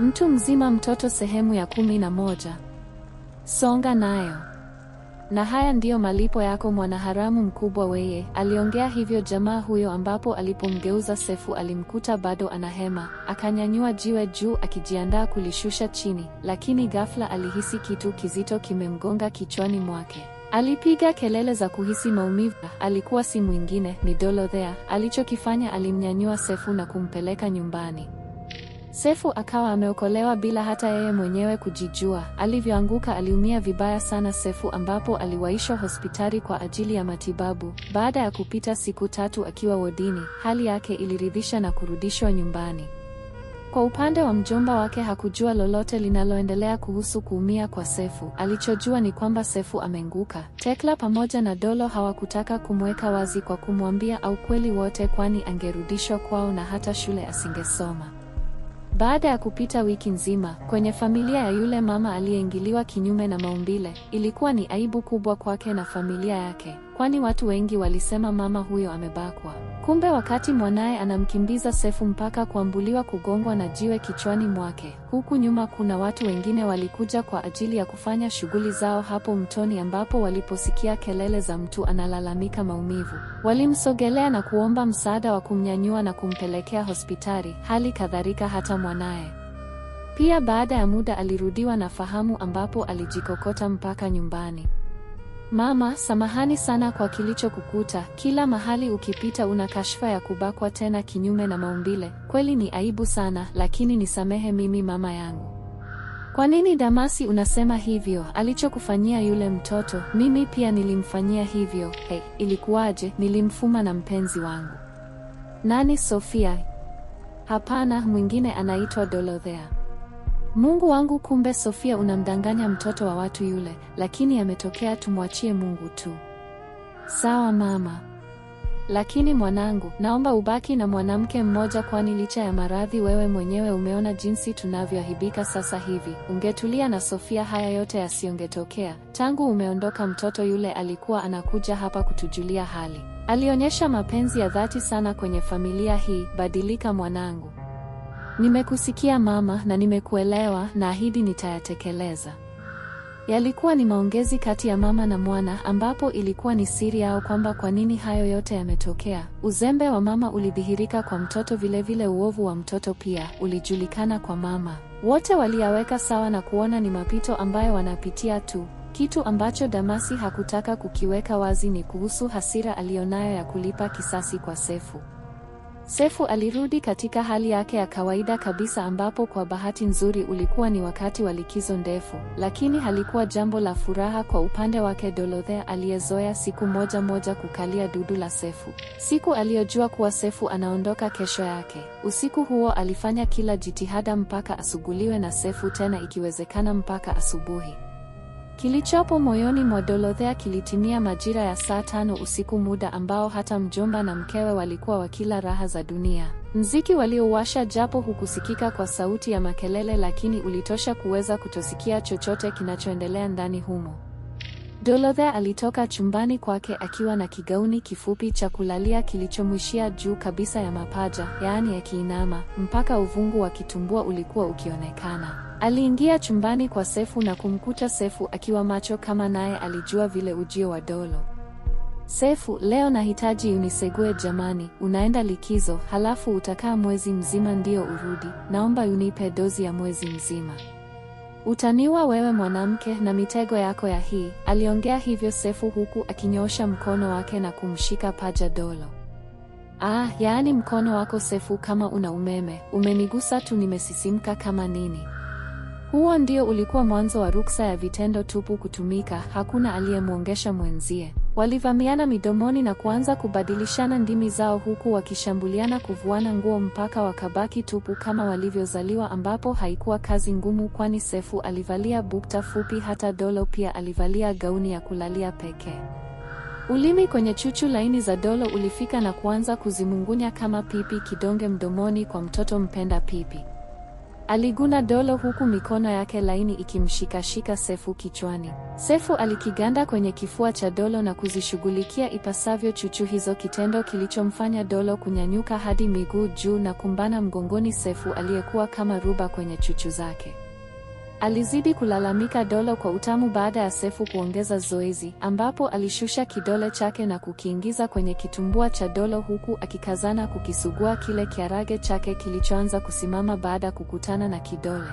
Mtu mzima mtoto sehemu ya kumi na moja. Songa nayo. Na haya ndiyo malipo yako mwanaharamu mkubwa weye, aliongea hivyo jamaa huyo ambapo alipomgeuza Sefu alimkuta bado anahema, akanyanyua jiwe juu akijiandaa kulishusha chini, lakini ghafla alihisi kitu kizito kimemgonga kichwani mwake. Alipiga kelele za kuhisi maumivu. Alikuwa si mwingine ni Dolothea. Alichokifanya alimnyanyua Sefu na kumpeleka nyumbani. Sefu akawa ameokolewa bila hata yeye mwenyewe kujijua. Alivyoanguka aliumia vibaya sana Sefu, ambapo aliwaishwa hospitali kwa ajili ya matibabu. Baada ya kupita siku tatu akiwa wodini, hali yake iliridhisha na kurudishwa nyumbani. Kwa upande wa mjomba wake hakujua lolote linaloendelea kuhusu kuumia kwa Sefu. Alichojua ni kwamba Sefu amenguka. Tekla pamoja na Dolo hawakutaka kumweka wazi kwa kumwambia au kweli wote, kwani angerudishwa kwao na hata shule asingesoma. Baada ya kupita wiki nzima kwenye familia ya yule mama aliyeingiliwa kinyume na maumbile, ilikuwa ni aibu kubwa kwake na familia yake kwani watu wengi walisema mama huyo amebakwa. Kumbe wakati mwanaye anamkimbiza Sefu mpaka kuambuliwa kugongwa na jiwe kichwani mwake. Huku nyuma kuna watu wengine walikuja kwa ajili ya kufanya shughuli zao hapo mtoni ambapo waliposikia kelele za mtu analalamika maumivu. Walimsogelea na kuomba msaada wa kumnyanyua na kumpelekea hospitali, hali kadhalika hata mwanaye. Pia baada ya muda alirudiwa na fahamu ambapo alijikokota mpaka nyumbani. Mama, samahani sana kwa kilichokukuta. Kila mahali ukipita una kashfa ya kubakwa, tena kinyume na maumbile. Kweli ni aibu sana, lakini nisamehe mimi mama yangu. Kwa nini Damasi unasema hivyo? Alichokufanyia yule mtoto, mimi pia nilimfanyia hivyo. Hey, ilikuwaje? Nilimfuma na mpenzi wangu. Nani? Sofia? Hapana, mwingine anaitwa Dolothea. Mungu wangu, kumbe Sofia unamdanganya mtoto wa watu yule, lakini ametokea, tumwachie Mungu tu. Sawa mama. Lakini mwanangu, naomba ubaki na mwanamke mmoja, kwani licha ya maradhi wewe mwenyewe umeona jinsi tunavyoahibika sasa hivi. Ungetulia na Sofia, haya yote yasiongetokea. Tangu umeondoka, mtoto yule alikuwa anakuja hapa kutujulia hali. Alionyesha mapenzi ya dhati sana kwenye familia hii. Badilika mwanangu. Nimekusikia mama, na nimekuelewa, na ahidi nitayatekeleza. Yalikuwa ni maongezi kati ya mama na mwana, ambapo ilikuwa ni siri yao kwamba kwa nini hayo yote yametokea. Uzembe wa mama ulidhihirika kwa mtoto, vilevile vile uovu wa mtoto pia ulijulikana kwa mama. Wote waliyaweka sawa na kuona ni mapito ambayo wanapitia tu. Kitu ambacho Damasi hakutaka kukiweka wazi ni kuhusu hasira aliyonayo ya kulipa kisasi kwa Sefu. Sefu alirudi katika hali yake ya kawaida kabisa ambapo kwa bahati nzuri ulikuwa ni wakati wa likizo ndefu, lakini halikuwa jambo la furaha kwa upande wake Dolothea aliyezoea siku moja moja kukalia dudu la Sefu. Siku aliyojua kuwa Sefu anaondoka kesho yake, usiku huo alifanya kila jitihada mpaka asuguliwe na Sefu tena ikiwezekana mpaka asubuhi. Kilichopo moyoni mwa Dorothea kilitimia majira ya saa tano usiku, muda ambao hata mjomba na mkewe walikuwa wakila raha za dunia. Mziki waliowasha japo hukusikika kwa sauti ya makelele, lakini ulitosha kuweza kutosikia chochote kinachoendelea ndani humo. Dorothea alitoka chumbani kwake akiwa na kigauni kifupi cha kulalia kilichomwishia juu kabisa ya mapaja, yaani akiinama, mpaka uvungu wa kitumbua ulikuwa ukionekana. Aliingia chumbani kwa Sefu na kumkuta Sefu akiwa macho kama naye alijua vile ujio wa Dolo. Sefu, leo nahitaji unisegue jamani, unaenda likizo, halafu utakaa mwezi mzima ndio urudi, naomba unipe dozi ya mwezi mzima. Utaniwa wewe mwanamke na mitego yako ya hii. Aliongea hivyo Sefu huku akinyoosha mkono wake na kumshika paja Dolo. Ah, yaani mkono wako Sefu kama una umeme, umenigusa tu nimesisimka kama nini. Huo ndio ulikuwa mwanzo wa ruksa ya vitendo tupu kutumika, hakuna aliyemwongesha mwenzie. Walivamiana midomoni na kuanza kubadilishana ndimi zao huku wakishambuliana kuvuana nguo mpaka wakabaki tupu kama walivyozaliwa ambapo haikuwa kazi ngumu kwani Sefu alivalia bukta fupi hata Dolo pia alivalia gauni ya kulalia pekee. Ulimi kwenye chuchu laini za Dolo ulifika na kuanza kuzimungunya kama pipi kidonge mdomoni kwa mtoto mpenda pipi. Aliguna dolo huku mikono yake laini ikimshikashika Sefu kichwani. Sefu alikiganda kwenye kifua cha dolo na kuzishughulikia ipasavyo chuchu hizo, kitendo kilichomfanya dolo kunyanyuka hadi miguu juu na kumbana mgongoni Sefu aliyekuwa kama ruba kwenye chuchu zake. Alizidi kulalamika Dolo kwa utamu baada ya Sefu kuongeza zoezi ambapo alishusha kidole chake na kukiingiza kwenye kitumbua cha Dolo huku akikazana kukisugua kile kiarage chake kilichoanza kusimama baada ya kukutana na kidole.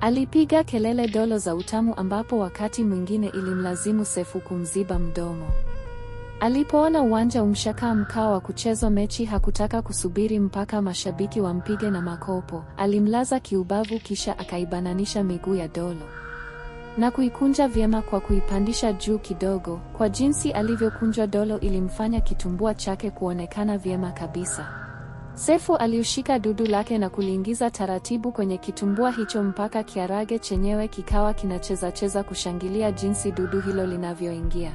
Alipiga kelele Dolo za utamu ambapo wakati mwingine ilimlazimu Sefu kumziba mdomo. Alipoona uwanja umshakaa mkao wa kuchezwa mechi hakutaka kusubiri mpaka mashabiki wampige na makopo. Alimlaza kiubavu kisha akaibananisha miguu ya Dolo na kuikunja vyema kwa kuipandisha juu kidogo. Kwa jinsi alivyokunjwa Dolo ilimfanya kitumbua chake kuonekana vyema kabisa. Sefu aliushika dudu lake na kuliingiza taratibu kwenye kitumbua hicho mpaka kiarage chenyewe kikawa kinachezacheza kushangilia jinsi dudu hilo linavyoingia.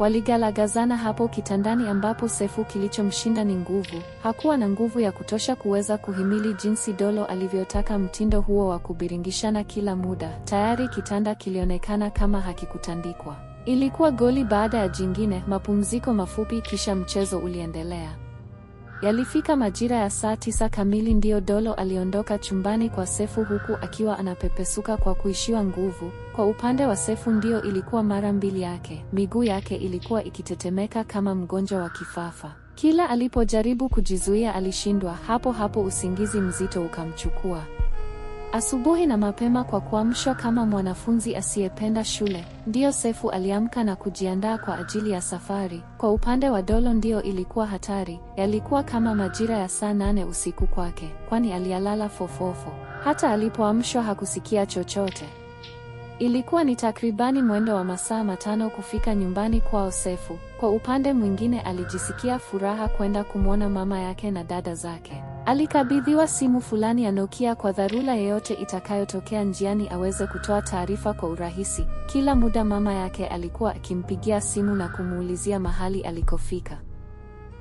Waligalagazana hapo kitandani ambapo Sefu kilichomshinda ni nguvu. Hakuwa na nguvu ya kutosha kuweza kuhimili jinsi Dolo alivyotaka mtindo huo wa kubiringishana kila muda. Tayari kitanda kilionekana kama hakikutandikwa. Ilikuwa goli baada ya jingine, mapumziko mafupi kisha mchezo uliendelea. Yalifika majira ya saa tisa kamili ndiyo Dolo aliondoka chumbani kwa Sefu huku akiwa anapepesuka kwa kuishiwa nguvu. Kwa upande wa Sefu ndiyo ilikuwa mara mbili yake. Miguu yake ilikuwa ikitetemeka kama mgonjwa wa kifafa. Kila alipojaribu kujizuia alishindwa. Hapo hapo usingizi mzito ukamchukua. Asubuhi na mapema kwa kuamshwa kama mwanafunzi asiyependa shule, ndiyo Sefu aliamka na kujiandaa kwa ajili ya safari. Kwa upande wa Dolo ndiyo ilikuwa hatari, yalikuwa kama majira ya saa nane usiku kwake, kwani aliyalala fofofo. Hata alipoamshwa hakusikia chochote. Ilikuwa ni takribani mwendo wa masaa matano kufika nyumbani kwao Sefu. Kwa upande mwingine alijisikia furaha kwenda kumwona mama yake na dada zake. Alikabidhiwa simu fulani ya Nokia kwa dharura yeyote itakayotokea njiani aweze kutoa taarifa kwa urahisi. Kila muda mama yake alikuwa akimpigia simu na kumuulizia mahali alikofika.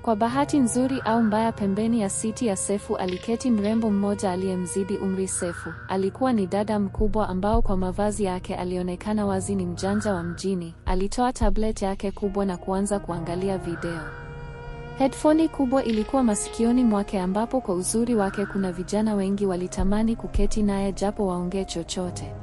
Kwa bahati nzuri au mbaya, pembeni ya siti ya Sefu aliketi mrembo mmoja aliyemzidi umri Sefu. Alikuwa ni dada mkubwa ambao kwa mavazi yake alionekana wazi ni mjanja wa mjini. Alitoa tablet yake kubwa na kuanza kuangalia video. Headphone kubwa ilikuwa masikioni mwake ambapo kwa uzuri wake kuna vijana wengi walitamani kuketi naye japo waongee chochote.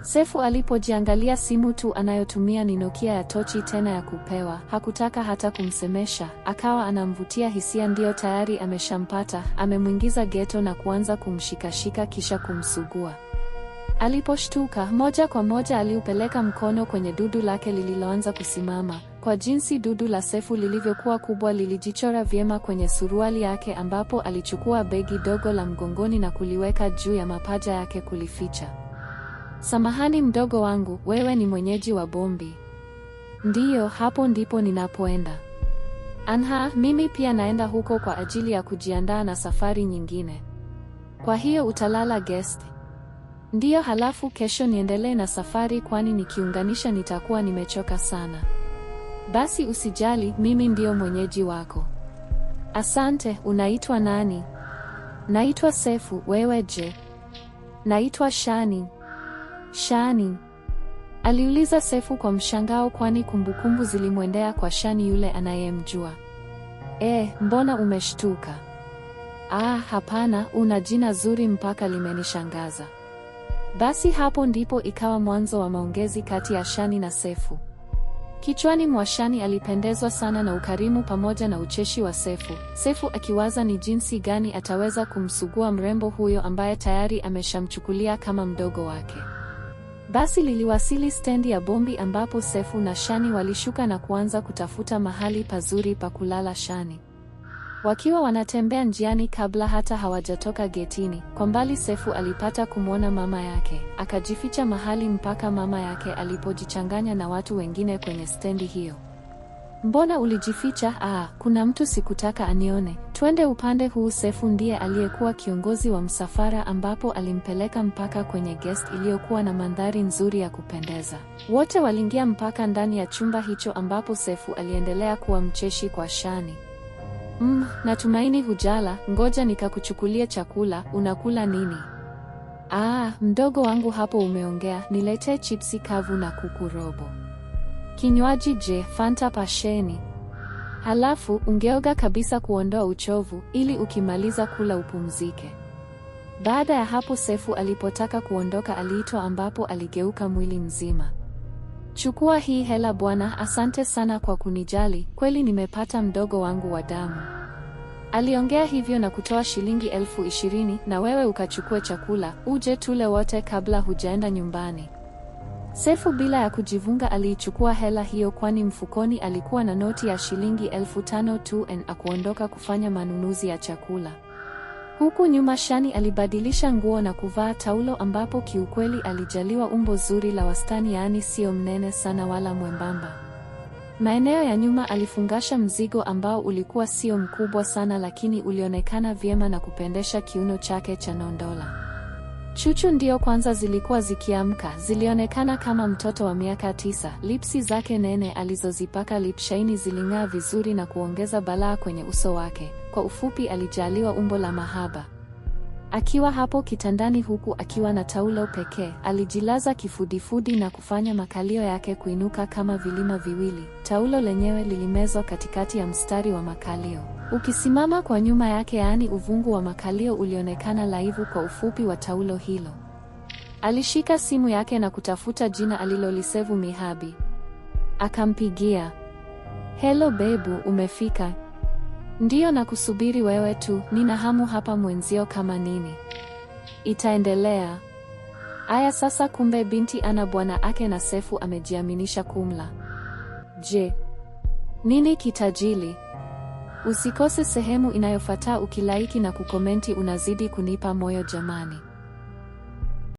Sefu alipojiangalia simu tu anayotumia ni Nokia ya tochi tena ya kupewa, hakutaka hata kumsemesha, akawa anamvutia hisia ndiyo tayari ameshampata, amemwingiza geto na kuanza kumshikashika kisha kumsugua. Aliposhtuka, moja kwa moja aliupeleka mkono kwenye dudu lake lililoanza kusimama. Kwa jinsi dudu la Sefu lilivyokuwa kubwa lilijichora vyema kwenye suruali yake ambapo alichukua begi dogo la mgongoni na kuliweka juu ya mapaja yake kulificha. Samahani mdogo wangu, wewe ni mwenyeji wa Bombi? Ndiyo, hapo ndipo ninapoenda. Anha, mimi pia naenda huko kwa ajili ya kujiandaa na safari nyingine. Kwa hiyo utalala guest? Ndiyo, halafu kesho niendelee na safari kwani nikiunganisha nitakuwa nimechoka sana. Basi usijali, mimi ndiyo mwenyeji wako. Asante. Unaitwa nani? Naitwa Sefu. Wewe je? Naitwa Shani. Shani? aliuliza Sefu kwa mshangao, kwani kumbukumbu zilimwendea kwa Shani yule anayemjua. E, mbona umeshtuka? Ah, hapana, una jina zuri mpaka limenishangaza. Basi hapo ndipo ikawa mwanzo wa maongezi kati ya Shani na Sefu. Kichwani mwa Shani alipendezwa sana na ukarimu pamoja na ucheshi wa Sefu. Sefu akiwaza ni jinsi gani ataweza kumsugua mrembo huyo ambaye tayari ameshamchukulia kama mdogo wake. Basi liliwasili stendi ya Bombi ambapo Sefu na Shani walishuka na kuanza kutafuta mahali pazuri pa kulala Shani. Wakiwa wanatembea njiani kabla hata hawajatoka getini, kwa mbali Sefu alipata kumwona mama yake, akajificha mahali mpaka mama yake alipojichanganya na watu wengine kwenye stendi hiyo. Mbona ulijificha? Ah, kuna mtu sikutaka anione. Twende upande huu. Sefu ndiye aliyekuwa kiongozi wa msafara ambapo alimpeleka mpaka kwenye guest iliyokuwa na mandhari nzuri ya kupendeza. Wote waliingia mpaka ndani ya chumba hicho ambapo Sefu aliendelea kuwa mcheshi kwa Shani. Mm, natumaini hujala, ngoja nikakuchukulia chakula, unakula nini? Ah, mdogo wangu hapo umeongea, niletee chipsi kavu na kuku robo. Kinywaji je, Fanta pasheni? Halafu ungeoga kabisa kuondoa uchovu ili ukimaliza kula upumzike. Baada ya hapo Sefu alipotaka kuondoka aliitwa ambapo aligeuka mwili mzima. Chukua hii hela bwana, asante sana kwa kunijali, kweli nimepata mdogo wangu wa damu. Aliongea hivyo na kutoa shilingi elfu ishirini na wewe ukachukue chakula, uje tule wote kabla hujaenda nyumbani. Sefu bila ya kujivunga aliichukua hela hiyo kwani mfukoni alikuwa na noti ya shilingi elfu tano tu na akuondoka kufanya manunuzi ya chakula. Huku nyuma Shani alibadilisha nguo na kuvaa taulo ambapo kiukweli alijaliwa umbo zuri la wastani yaani sio mnene sana wala mwembamba. Maeneo ya nyuma alifungasha mzigo ambao ulikuwa sio mkubwa sana lakini ulionekana vyema na kupendesha kiuno chake cha nondola. Chuchu ndiyo kwanza zilikuwa zikiamka, zilionekana kama mtoto wa miaka tisa. Lipsi zake nene alizozipaka lipshaini ziling'aa vizuri na kuongeza balaa kwenye uso wake. Kwa ufupi, alijaliwa umbo la mahaba. Akiwa hapo kitandani huku akiwa na taulo pekee, alijilaza kifudifudi na kufanya makalio yake kuinuka kama vilima viwili. Taulo lenyewe lilimezwa katikati ya mstari wa makalio. Ukisimama kwa nyuma yake, yaani uvungu wa makalio ulionekana laivu kwa ufupi wa taulo hilo. Alishika simu yake na kutafuta jina alilolisevu Mihabi. Akampigia. Hello bebu, umefika? Ndiyo, na kusubiri wewe tu, nina hamu hapa mwenzio, kama nini. Itaendelea. Aya, sasa kumbe binti ana bwana ake na Sefu amejiaminisha kumla. Je, nini kitajili? Usikose sehemu inayofuata ukilaiki na kukomenti, unazidi kunipa moyo jamani.